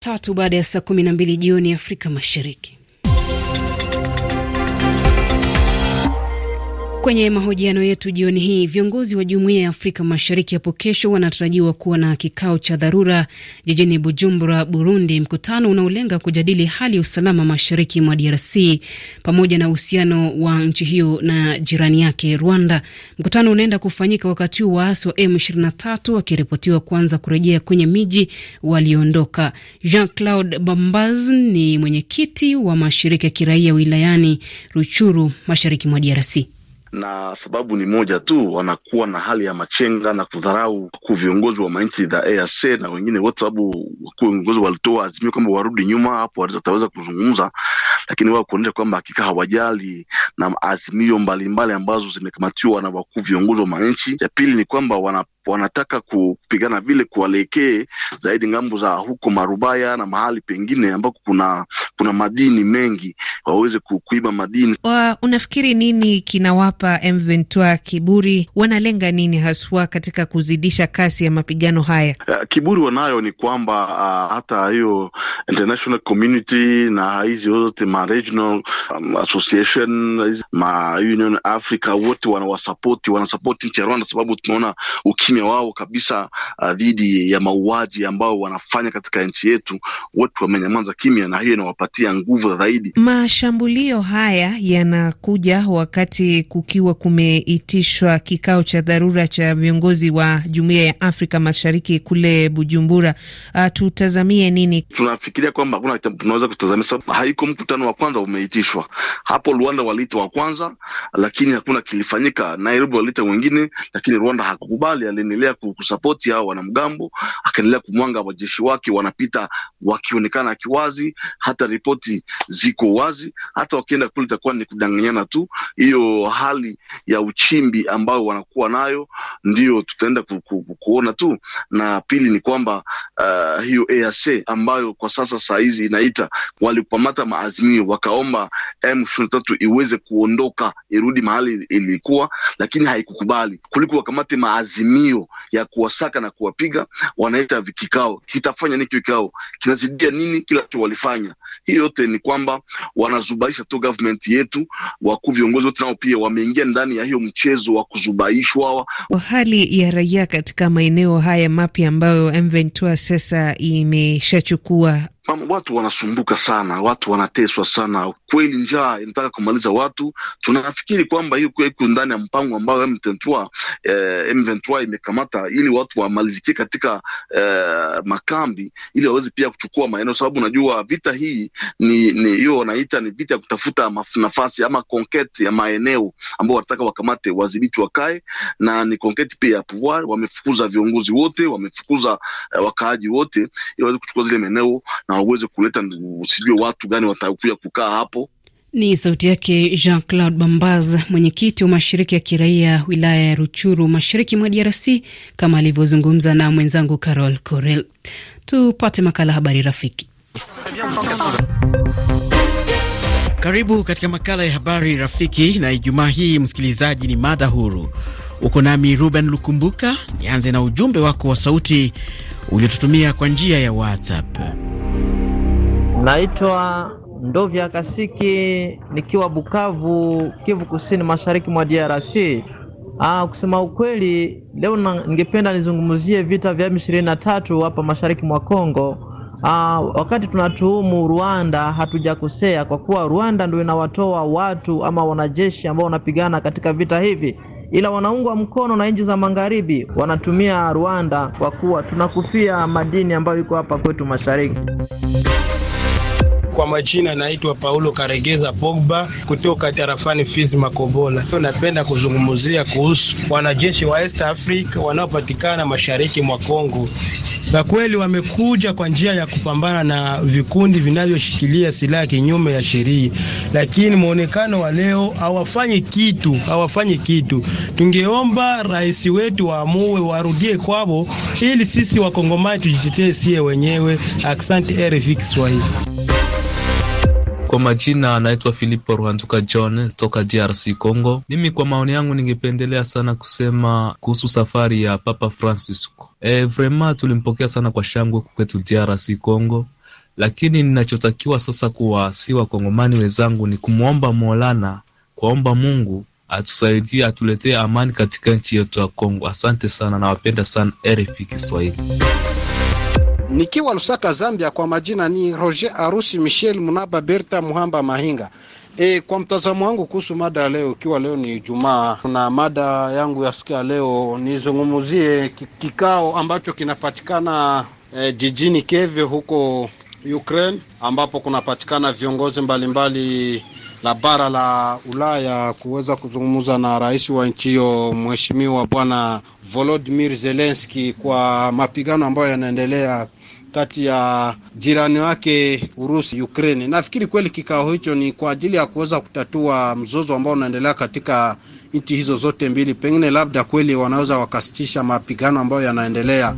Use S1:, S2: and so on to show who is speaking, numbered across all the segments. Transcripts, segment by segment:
S1: Tatu baada ya saa kumi na mbili jioni Afrika Mashariki. Kwenye mahojiano yetu jioni hii, viongozi wa jumuiya ya Afrika Mashariki hapo kesho wanatarajiwa kuwa na kikao cha dharura jijini Bujumbura, Burundi, mkutano unaolenga kujadili hali ya usalama mashariki mwa DRC pamoja na uhusiano wa nchi hiyo na jirani yake Rwanda. Mkutano unaenda kufanyika wakati huu waasi wa M23 wakiripotiwa kuanza kurejea kwenye miji waliondoka. Jean Claude Bambaz ni mwenyekiti wa mashirika ya kiraia wilayani Ruchuru, mashariki mwa DRC
S2: na sababu ni moja tu, wanakuwa na hali ya machenga na kudharau ku viongozi wa manchi za EAC na wengine wote, sababu wakuu viongozi walitoa azimio kwamba warudi nyuma, hapo wataweza kuzungumza, lakini wao kuonyesha kwamba hakika hawajali na azimio mbalimbali mbali ambazo zimekamatiwa na wakuu viongozi wa manchi. Ya pili ni kwamba wana wanataka kupigana vile kuwalekee zaidi ngambo za huko Marubaya na mahali pengine ambako kuna, kuna madini mengi waweze kuiba madini.
S1: Wa, unafikiri nini kinawapa M23 kiburi? Wanalenga nini haswa katika kuzidisha kasi ya mapigano haya?
S2: Uh, kiburi wanayo ni kwamba uh, hata hiyo international community na hizi zote ma regional um, association ma Union Africa wote wanawasapoti, wanasapoti nchi ya Rwanda sababu tunaona ukimi ukimya wao kabisa uh, dhidi ya mauaji ambao wanafanya katika nchi yetu, watu wamenyamaza kimya, na hiyo inawapatia nguvu zaidi.
S1: Mashambulio haya yanakuja wakati kukiwa kumeitishwa kikao cha dharura cha viongozi wa Jumuiya ya Afrika Mashariki kule Bujumbura. Uh, tutazamie nini?
S2: Tunafikiria kwamba hakuna tunaweza kutazamia, sababu haiko mkutano wa kwanza umeitishwa. Hapo Rwanda waliita wa kwanza, lakini hakuna kilifanyika. Nairobi waliita wengine, lakini Rwanda hakukubali aliendelea kusapoti hao wanamgambo, akaendelea kumwanga wajeshi wake, wanapita wakionekana kiwazi, hata ripoti ziko wazi, hata wakienda kule itakuwa ni kudanganyana tu. Hiyo hali ya uchimbi ambayo wanakuwa nayo ndiyo tutaenda ku, ku, ku, kuona tu, na pili ni kwamba uh, hiyo EAC ambayo kwa sasa saa hizi inaita walikamata maazimio wakaomba M23 iweze kuondoka irudi mahali ilikuwa, lakini haikukubali kuliko wakamate maazimio matamanio ya kuwasaka na kuwapiga, wanaita vikikao. Kitafanya nini kikao? Kinazidia nini kitu walifanya? hiyo yote ni kwamba wanazubaisha tu government yetu. Wakuu viongozi wote nao pia wameingia ndani ya hiyo mchezo wa kuzubaishwa.
S1: hali ya raia katika maeneo haya mapya ambayo M23 sasa imeshachukua,
S2: watu wanasumbuka sana, watu wanateswa sana kweli njaa inataka kumaliza watu. Tunafikiri kwamba hiyo iko ndani ya mpango ambao M23, eh, M23 imekamata ili watu wamalizikie katika eh, makambi ili waweze pia kuchukua maeneo, sababu unajua vita hii ni ni hiyo wanaita ni vita ya kutafuta nafasi ama konketi ya maeneo ambao wanataka wakamate wadhibiti wakae, na ni konketi pia ya pouvoir. Wamefukuza viongozi wote, wamefukuza eh, wakaaji wote ili waweze kuchukua zile maeneo na waweze kuleta usijue watu gani watakuja kukaa hapo
S1: ni sauti yake Jean Claude bambaz mwenyekiti wa mashirika ya kiraia wilaya ya Ruchuru, mashariki mwa DRC, kama alivyozungumza na mwenzangu Carol Corel. Tupate makala habari rafiki.
S3: Karibu katika makala ya habari rafiki, na Ijumaa hii msikilizaji, ni mada huru. Uko nami Ruben Lukumbuka. Nianze na ujumbe wako wa sauti uliotutumia kwa njia ya WhatsApp. Naitwa Ndovya Kasiki nikiwa Bukavu, Kivu Kusini, mashariki mwa DRC. Ah, kusema ukweli leo ningependa nizungumzie vita vya M23 hapa mashariki mwa Kongo. Ah, wakati tunatuhumu Rwanda hatujakosea, kwa kuwa Rwanda ndio inawatoa watu ama wanajeshi ambao wanapigana katika vita hivi, ila wanaungwa mkono na nchi za magharibi, wanatumia Rwanda kwa kuwa tunakufia madini ambayo iko hapa kwetu mashariki kwa majina naitwa Paulo Karegeza Pogba kutoka tarafani Fizi Makobola. Napenda kuzungumzia kuhusu wanajeshi wa East Africa wanaopatikana mashariki mwa Kongo. Na kweli wamekuja kwa njia ya kupambana na vikundi vinavyoshikilia silaha kinyume ya sheria, lakini mwonekano wa leo
S4: hawafanyi kitu, hawafanyi kitu. Tungeomba rais wetu waamue
S3: warudie kwavo, ili sisi wakongomani tujitetee sie wenyewe. Aksanti, RFI Kiswahili.
S4: Kwa majina anaitwa Filipo Ruhanduka John toka DRC Congo. Mimi kwa maoni yangu ningependelea sana kusema kuhusu safari ya Papa Francisco. E, vraiment tulimpokea sana kwa shangwe kwetu DRC Congo, lakini ninachotakiwa sasa kuwaasi wakongomani wenzangu ni kumwomba Molana, kwaomba Mungu atusaidie atuletee amani katika nchi yetu ya Kongo. Asante sana, nawapenda sana RFI Kiswahili.
S3: Nikiwa Lusaka, Zambia, kwa majina ni Roger Arusi Michel Munaba Berta Muhamba Mahinga. E, kwa mtazamo wangu kuhusu mada ya leo, ikiwa leo ni Ijumaa na mada yangu ya siku ya leo nizungumuzie kikao ambacho kinapatikana e, jijini Kiev huko Ukraine, ambapo kunapatikana viongozi mbalimbali mbali la bara la Ulaya kuweza kuzungumza na rais wa nchi hiyo Mheshimiwa Bwana Volodymyr Zelensky kwa mapigano ambayo yanaendelea kati ya jirani wake Urusi Ukraine. Nafikiri kweli kikao hicho ni kwa ajili ya kuweza kutatua mzozo ambao unaendelea katika nchi hizo zote mbili. Pengine labda kweli wanaweza wakasitisha mapigano ambayo yanaendelea.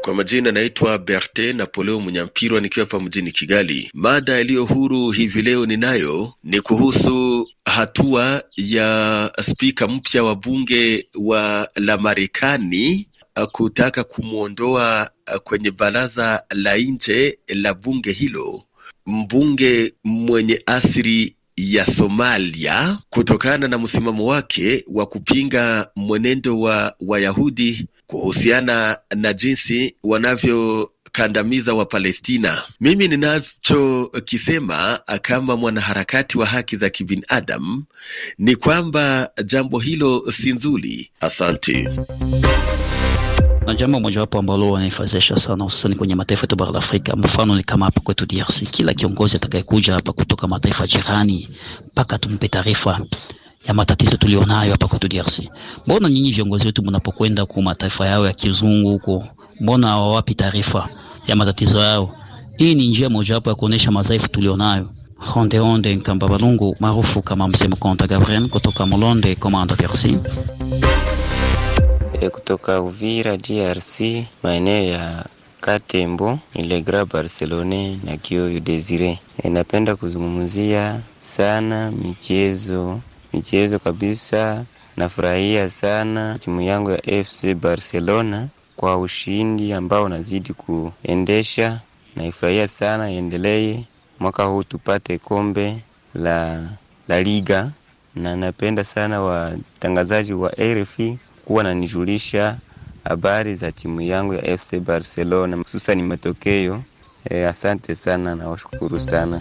S4: Kwa majina naitwa Berte Napoleo Munyampirwa, nikiwa hapa mjini Kigali. Mada yaliyo huru hivi leo ninayo ni kuhusu hatua ya spika mpya wa bunge wa la Marekani Eh, kutaka kumwondoa eh, kwenye baraza la nje la bunge hilo mbunge mwenye asili ya Somalia kutokana na msimamo wake wa kupinga mwenendo wa Wayahudi kuhusiana na jinsi wanavyokandamiza Wapalestina. Mimi ninachokisema eh, kama mwanaharakati wa haki za kibinadamu ni kwamba jambo hilo si nzuri. Asante na jambo mojawapo ambalo wanaifadhaisha sana hususani kwenye mataifa yetu bara la Afrika. Mfano ni kama hapa kwetu DRC, kila kiongozi atakayekuja hapa kutoka mataifa jirani, mpaka tumpe taarifa ya matatizo tulionayo hapa kwetu DRC. Mbona nyinyi viongozi wetu mnapokwenda kwa mataifa yao ya kizungu huko, mbona hawawapi taarifa ya matatizo yao? Hii ni njia mojawapo ya kuonesha madhaifu tulionayo. Ronde Onde Nkamba Balungu maarufu kama Msemo Konta Gabriel kutoka Molonde Komanda DRC e, kutoka Uvira DRC, maeneo ya Katembo ilegra Legra Barcelone na Kioyo Desire. E, napenda kuzungumzia sana michezo, michezo kabisa. Nafurahia sana timu yangu ya FC Barcelona kwa ushindi ambao unazidi kuendesha. Naifurahia sana, iendelee mwaka huu tupate kombe la la Liga, na napenda sana watangazaji wa RFI kuwa nanijulisha habari za timu yangu ya FC Barcelona, hususani matokeo. E, asante sana na washukuru sana.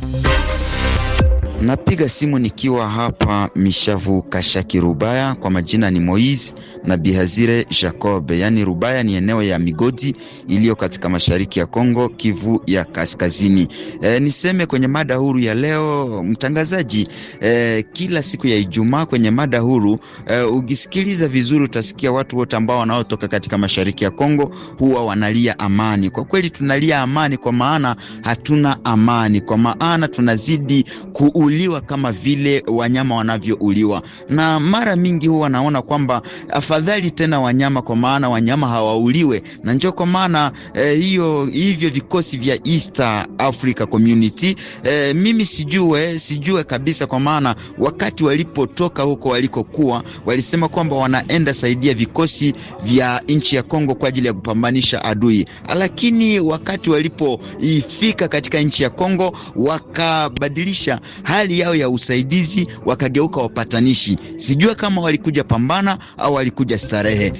S4: Napiga simu nikiwa hapa Mishavu Kashaki Rubaya, kwa majina ni Moise na Bihazire Jacob. Yaani Rubaya ni eneo ya migodi iliyo katika mashariki ya Kongo, Kivu ya Kaskazini. E, niseme kwenye mada huru ya leo mtangazaji, e, kila siku ya Ijumaa kwenye mada huru e, ukisikiliza vizuri utasikia watu wote ambao wanaotoka katika mashariki ya Kongo huwa wanalia amani. Kwa kweli tunalia amani, kwa maana hatuna amani, kwa maana tunazidi ku kuuliwa kama vile wanyama wanavyouliwa, na mara mingi huwa naona kwamba afadhali tena wanyama, kwa maana wanyama hawauliwe, na ndio kwa maana eh, hiyo hivyo vikosi vya East Africa Community eh, mimi sijue sijue kabisa, kwa maana wakati walipotoka huko walikokuwa walisema kwamba wanaenda saidia vikosi vya nchi ya Kongo kwa ajili ya kupambanisha adui, lakini wakati walipoifika katika nchi ya Kongo wakabadilisha hali yao ya usaidizi wakageuka wapatanishi. Sijua kama walikuja pambana au walikuja starehe.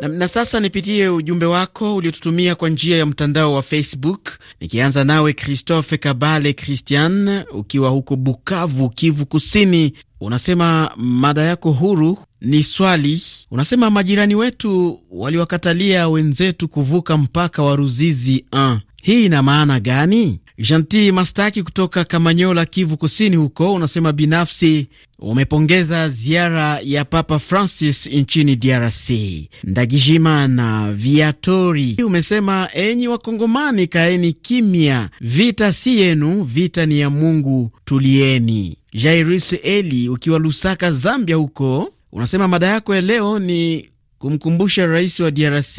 S3: Na, na sasa nipitie ujumbe wako uliotutumia kwa njia ya mtandao wa Facebook, nikianza nawe Christophe Kabale Christian, ukiwa huko Bukavu, Kivu Kusini. Unasema mada yako huru ni swali. Unasema majirani wetu waliwakatalia wenzetu kuvuka mpaka wa Ruzizi ah. Hii ina maana gani? Janti Mastaki kutoka Kamanyola, Kivu Kusini huko unasema binafsi umepongeza ziara ya Papa Francis nchini DRC. Ndagijima na Viatori umesema enyi Wakongomani, kaeni kimya, vita si yenu, vita ni ya Mungu, tulieni. Jairus Eli ukiwa Lusaka, Zambia huko unasema mada yako ya leo ni kumkumbusha rais wa DRC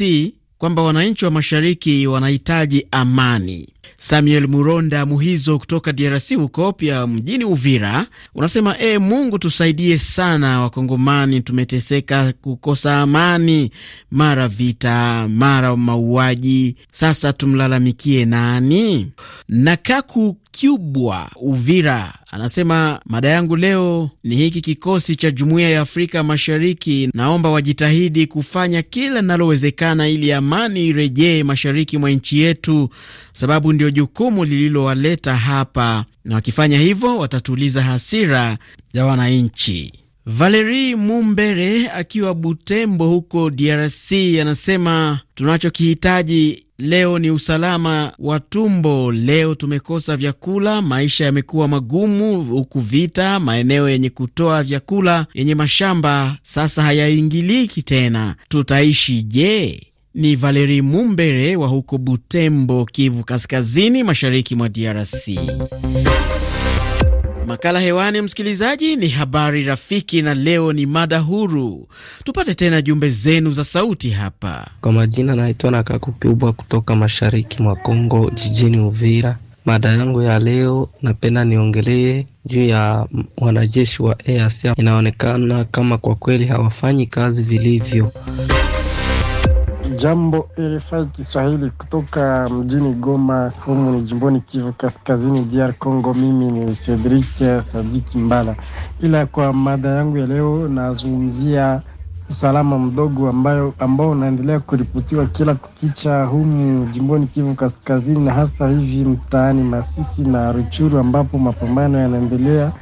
S3: kwamba wananchi wa mashariki wanahitaji amani. Samuel Muronda Muhizo kutoka DRC huko pia mjini Uvira unasema e, Mungu tusaidie sana, Wakongomani tumeteseka kukosa amani, mara vita, mara mauaji. Sasa tumlalamikie nani? nakaku kaku Kyubwa Uvira anasema mada yangu leo ni hiki kikosi cha Jumuiya ya Afrika Mashariki, naomba wajitahidi kufanya kila linalowezekana ili amani irejee mashariki mwa nchi yetu, sababu ndio jukumu lililowaleta hapa, na wakifanya hivyo watatuliza hasira za wananchi. Valeri Mumbere akiwa Butembo huko DRC anasema tunachokihitaji leo ni usalama wa tumbo. Leo tumekosa vyakula, maisha yamekuwa magumu huku vita. Maeneo yenye kutoa vyakula yenye mashamba sasa hayaingiliki tena, tutaishi je? ni Valeri Mumbere wa huko Butembo, Kivu Kaskazini, mashariki mwa DRC. Makala hewani, msikilizaji, ni habari rafiki, na leo ni mada huru. Tupate tena jumbe zenu za sauti hapa.
S4: Kwa majina naitwa na Kakupibwa kutoka mashariki mwa Kongo, jijini Uvira. Mada yangu ya leo napenda niongelee juu ya wanajeshi wa EAC. Inaonekana kama kwa kweli hawafanyi
S5: kazi vilivyo.
S3: Jambo RFI Kiswahili kutoka mjini Goma, humu ni jimboni Kivu Kaskazini, DR Congo. Mimi ni Cedric Sadiki Mbala, ila kwa mada yangu ya leo nazungumzia usalama mdogo ambayo ambao unaendelea kuripotiwa kila kukicha humu jimboni Kivu Kaskazini, na hasa hivi mtaani Masisi na Ruchuru ambapo mapambano yanaendelea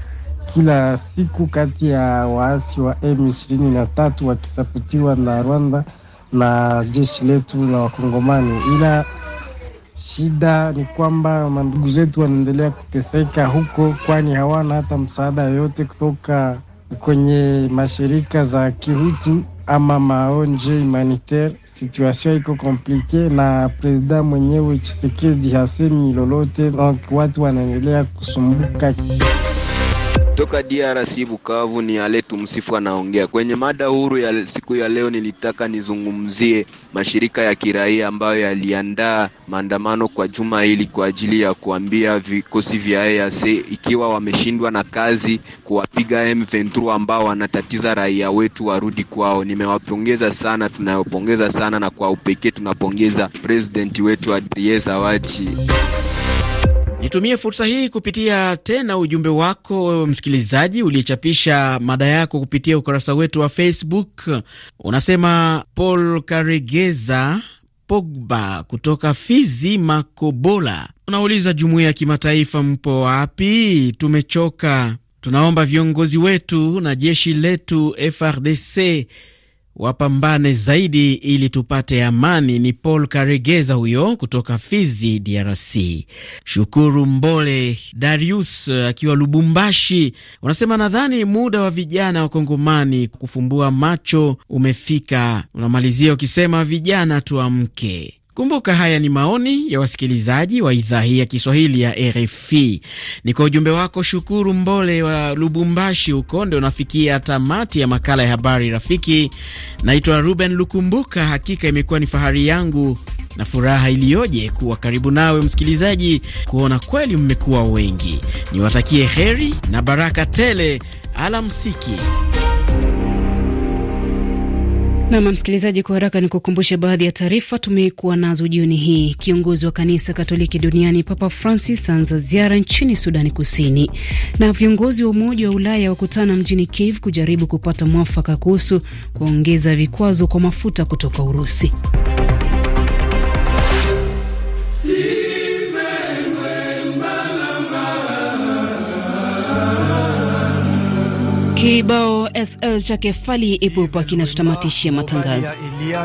S3: kila siku kati ya waasi wa M23 wakisapotiwa na Rwanda na jeshi letu la Wakongomani, ila shida ni kwamba mandugu zetu wanaendelea kuteseka huko, kwani hawana hata msaada yoyote kutoka kwenye mashirika za kihutu ama maonje humanitaire. Situation iko komplike na presida mwenyewe Chisekedi hasemi lolote, donc watu wanaendelea kusumbuka.
S4: Toka DRC Bukavu ni Aletu Msifu anaongea. Kwenye mada huru ya siku ya leo, nilitaka nizungumzie mashirika ya kiraia ambayo yaliandaa maandamano kwa juma hili kwa ajili ya kuambia vikosi vya EAC ikiwa wameshindwa na kazi kuwapiga M23 ambao wanatatiza raia wetu warudi kwao. Nimewapongeza sana, tunawapongeza sana na kwa upekee tunapongeza presidenti wetu Adrie Zawachi.
S3: Nitumie fursa hii kupitia tena ujumbe wako msikilizaji, uliyechapisha mada yako kupitia ukurasa wetu wa Facebook. Unasema Paul Karegeza Pogba kutoka Fizi Makobola, unauliza jumuiya ya kimataifa, mpo wapi? Tumechoka, tunaomba viongozi wetu na jeshi letu FRDC wapambane zaidi ili tupate amani. Ni Paul Karegeza huyo kutoka Fizi, DRC. Shukuru Mbole Darius uh, akiwa Lubumbashi unasema, nadhani muda wa vijana wakongomani kufumbua macho umefika. Unamalizia ukisema, vijana tuamke. Kumbuka haya ni maoni ya wasikilizaji wa idhaa hii ya Kiswahili ya RFI. Ni kwa ujumbe wako Shukuru Mbole wa Lubumbashi huko, ndio unafikia tamati ya makala ya habari rafiki. Naitwa Ruben Lukumbuka. Hakika imekuwa ni fahari yangu na furaha iliyoje kuwa karibu nawe msikilizaji, kuona kweli mmekuwa wengi. Niwatakie heri na baraka tele, alamsiki.
S1: Nam msikilizaji, kwa haraka ni kukumbusha baadhi ya taarifa tumekuwa nazo jioni hii. Kiongozi wa kanisa Katoliki duniani Papa Francis anza ziara nchini Sudani Kusini, na viongozi wa Umoja wa Ulaya wakutana mjini Kiev kujaribu kupata mwafaka kuhusu kuongeza vikwazo kwa mafuta kutoka Urusi. Kibao, SL, Jacques Fali et pour le Pakinastamati, Chiematangaz.
S5: Il y a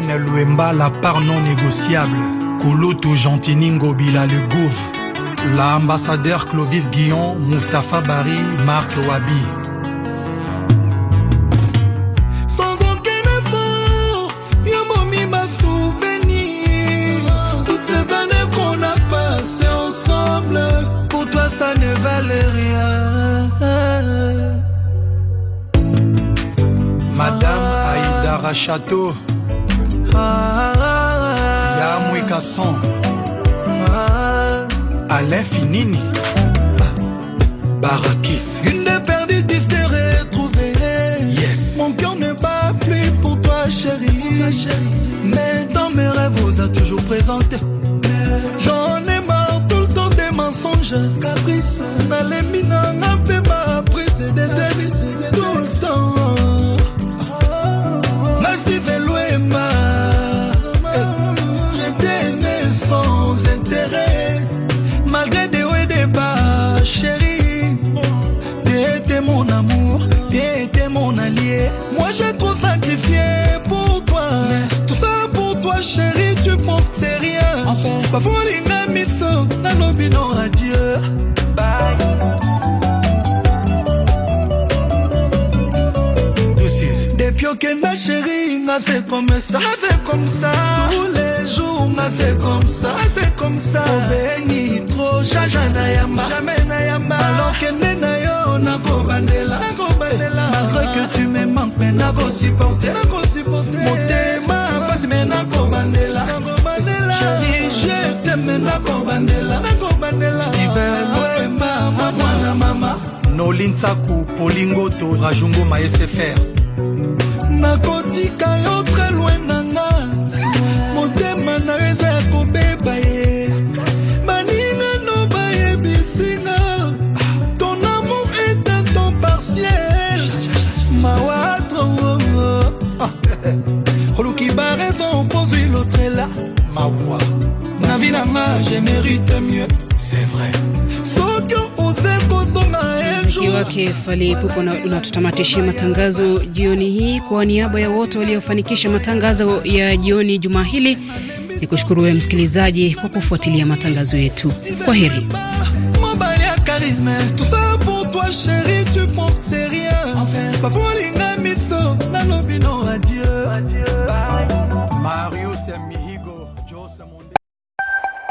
S5: la part non négociable. Koulou tout gentil Ningo Bila L'ambassadeur Clovis Guillon, Mustafa Barry, Marc Wabi. Sans aucun effort, Yamomi ma souvenir. Toutes ces années qu'on a passé ensemble, pour toi ça ne valait rien. à Château, à Casson, Barakis. Une des perdues dix Mon cœur ne bat plus pour toi, chérie. Mais dans mes rêves, vous a toujours présenté. J'en ai marre tout le temps des mensonges. Caprice, Nalemina, bafulinga miso nalobi no adieu depuis okenda sheri nga fait comme ça fait comme ça tous les jours nga fait comme ça c'est comme ça obengi trop jaja na yamba jamais na yamba alors kende na yo nakobandela nakobandela malgré que tu me manques mais nakosupporter nakosupporter motema pasi mais nako pauline polingo polingoto rajungo ma maesfr nakotika yo tre loin nanga motema na yo eza ya kobeba ye baninano bayebisinga ton amour est un temps partiel mawatro oh, oh. ah. oluki baraison pozwi lotrela mawa na vi nanga
S1: je mérite mieux c'est vrai soki oze kozonga ye eh. muziki wake Fally Ipupa unatutamatishia matangazo jioni hii. Kwa niaba ya wote waliofanikisha matangazo ya jioni juma hili, ni kushukuru wewe msikilizaji kwa kufuatilia matangazo yetu. Kwa heri.